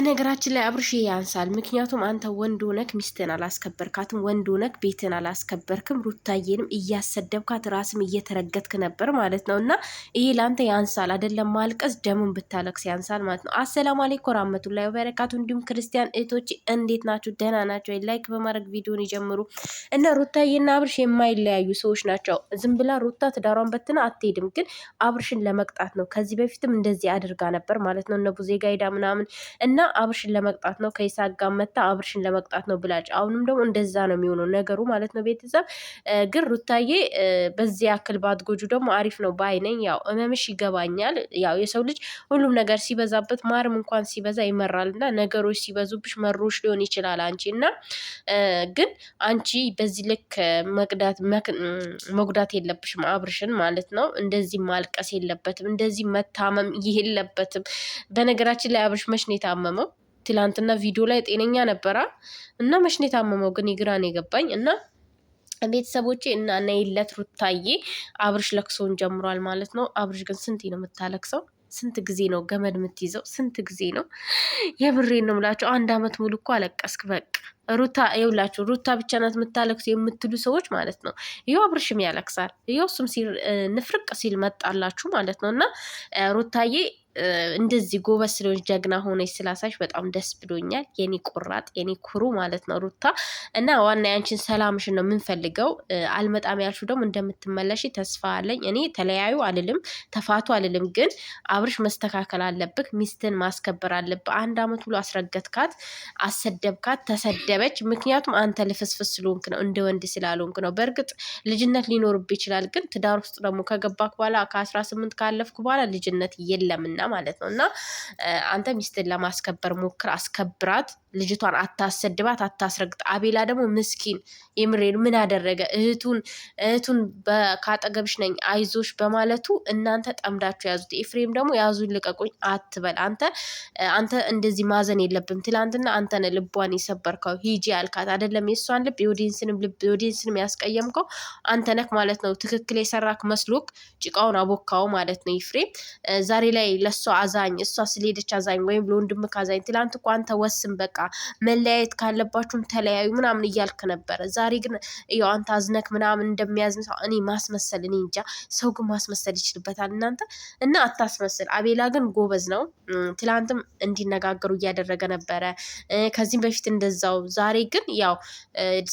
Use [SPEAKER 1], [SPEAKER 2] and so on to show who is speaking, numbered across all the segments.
[SPEAKER 1] በነገራችን ላይ አብርሽ ያንሳል። ምክንያቱም አንተ ወንድ ሆነክ ሚስትን አላስከበርካትም፣ ወንድ ሆነክ ቤትን አላስከበርክም፣ ሩታዬንም እያሰደብካት ራስም እየተረገጥክ ነበር ማለት ነው። እና ይሄ ለአንተ ያንሳል አይደለም? ማልቀስ ደምን ብታለቅስ ያንሳል ማለት ነው። አሰላሙ አለይኩም ወራህመቱላሂ ወበረካቱ። እንዲሁም ክርስቲያን እህቶች እንዴት ናችሁ? ደህና ናቸው። ላይክ በማድረግ ቪዲዮን ይጀምሩ። እና ሩታዬና አብርሽ የማይለያዩ ሰዎች ናቸው። ዝም ብላ ሩታ ትዳሯን በትና አትሄድም፣ ግን አብርሽን ለመቅጣት ነው። ከዚህ በፊትም እንደዚህ አድርጋ ነበር ማለት ነው። እነ ቡዜ ምናምን እና አብርሽን ለመቅጣት ነው ከይሳቅ ጋር መታ አብርሽን ለመቅጣት ነው ብላጭ። አሁንም ደግሞ እንደዛ ነው የሚሆነው ነገሩ ማለት ነው። ቤተሰብ ግን ሩታዬ በዚህ ያክል ባትጎጁ ደግሞ አሪፍ ነው ባይ ነኝ። ያው እመምሽ ይገባኛል። ያው የሰው ልጅ ሁሉም ነገር ሲበዛበት ማርም እንኳን ሲበዛ ይመራል እና ነገሮች ሲበዙብሽ መሮሽ ሊሆን ይችላል አንቺ እና ግን አንቺ በዚህ ልክ መቅዳት መጉዳት የለብሽም አብርሽን ማለት ነው። እንደዚህ ማልቀስ የለበትም እንደዚህ መታመም የለበትም። በነገራችን ላይ አብርሽ መች ነው የታመመው? ትላንትና ቪዲዮ ላይ ጤነኛ ነበራ እና መሽን የታመመው ግን ይግራን የገባኝ እና ቤተሰቦቼ እና ነይለት ሩታዬ አብርሽ ለቅሶውን ጀምሯል ማለት ነው። አብርሽ ግን ስንቴ ነው የምታለቅሰው? ስንት ጊዜ ነው ገመድ የምትይዘው? ስንት ጊዜ ነው? የምሬን ነው የምላቸው። አንድ አመት ሙሉ እኮ አለቀስክ በቃ ሩታ ይውላችሁ፣ ሩታ ብቻ ናት የምታለቅስ የምትሉ ሰዎች ማለት ነው። ይኸው አብርሽም ያለቅሳል። ይኸው እሱም ሲል ንፍርቅ ሲል መጣላችሁ ማለት ነው። እና ሩታዬ እንደዚህ ጎበዝ ስለሆነች ጀግና ሆነች ስላሳሽ በጣም ደስ ብሎኛል። የኔ ቁራጥ የኔ ኩሩ ማለት ነው ሩታ እና ዋና ያንቺን ሰላምሽን ነው የምንፈልገው። አልመጣም ያልሽው ደግሞ እንደምትመለሽ ተስፋ አለኝ። እኔ ተለያዩ አልልም ተፋቱ አልልም፣ ግን አብርሽ መስተካከል አለብህ። ሚስትን ማስከበር አለብህ። አንድ አመት ብሎ አስረገትካት፣ አሰደብካት፣ ተሰደበ ተሳደበች። ምክንያቱም አንተ ልፍስፍስ ስለሆንክ ነው፣ እንደ ወንድ ስላልሆንክ ነው። በእርግጥ ልጅነት ሊኖርብህ ይችላል፣ ግን ትዳር ውስጥ ደግሞ ከገባክ በኋላ ከአስራ ስምንት ካለፍክ በኋላ ልጅነት የለምና ማለት ነው። እና አንተ ሚስትን ለማስከበር ሞክር፣ አስከብራት፣ ልጅቷን አታሰድባት፣ አታስረግጥ። አቤላ ደግሞ ምስኪን የምሬን ምን አደረገ? እህቱን እህቱን ከአጠገብሽ ነኝ አይዞሽ በማለቱ እናንተ ጠምዳችሁ ያዙት። ኤፍሬም ደግሞ ያዙን ልቀቁኝ አትበል አንተ አንተ እንደዚህ ማዘን የለብም። ትላንትና አንተነ ልቧን የሰበርከው ሂጂ አልካት አደለም የእሷን ልብ የኦዲንስንም ልብ የኦዲንስንም ያስቀየምከው አንተ ነክ ማለት ነው። ትክክል የሰራክ መስሎክ ጭቃውን አቦካው ማለት ነው። ኤፍሬም ዛሬ ላይ ለእሷ አዛኝ፣ እሷ ስለሄደች አዛኝ ወይም ለወንድምክ አዛኝ። ትላንት እኮ አንተ ወስን፣ በቃ መለያየት ካለባችሁም ተለያዩ ምናምን እያልክ ነበረ። ዛሬ ግን ያው አንተ አዝነክ ምናምን እንደሚያዝን ሰው እኔ ማስመሰል እኔ እንጃ። ሰው ግን ማስመሰል ይችልበታል እናንተ እና አታስመስል። አቤላ ግን ጎበዝ ነው። ትላንትም እንዲነጋገሩ እያደረገ ነበረ፣ ከዚህም በፊት እንደዛው ዛሬ ግን ያው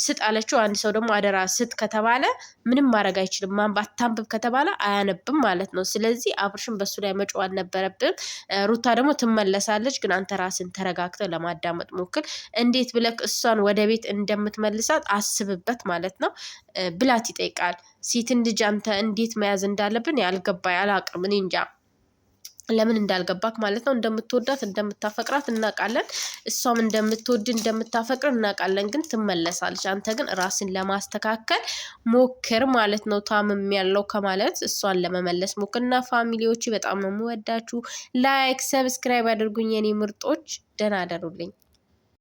[SPEAKER 1] ስጥ አለችው። አንድ ሰው ደግሞ አደራ ስጥ ከተባለ ምንም ማድረግ አይችልም። ማንበብ አታንብብ ከተባለ አያነብም ማለት ነው። ስለዚህ አብርሽን በሱ ላይ መጮ አልነበረብም። ሩታ ደግሞ ትመለሳለች፣ ግን አንተ ራስን ተረጋግተ ለማዳመጥ ሞክር። እንዴት ብለክ እሷን ወደ ቤት እንደምትመልሳት አስብበት ማለት ነው። ብላት ይጠይቃል። ሴትን ልጅ አንተ እንዴት መያዝ እንዳለብን ያልገባ ያላቅም እኔ እንጃ። ለምን እንዳልገባክ ማለት ነው። እንደምትወዳት እንደምታፈቅራት እናውቃለን። እሷም እንደምትወድ እንደምታፈቅር እናውቃለን። ግን ትመለሳለች። አንተ ግን ራስን ለማስተካከል ሞክር ማለት ነው። ታምም ያለው ከማለት እሷን ለመመለስ ሞክር እና በጣም ነው የምወዳችሁ። ላይክ ሰብስክራይብ አድርጉኝ የኔ ምርጦች። ደህና አደሩልኝ።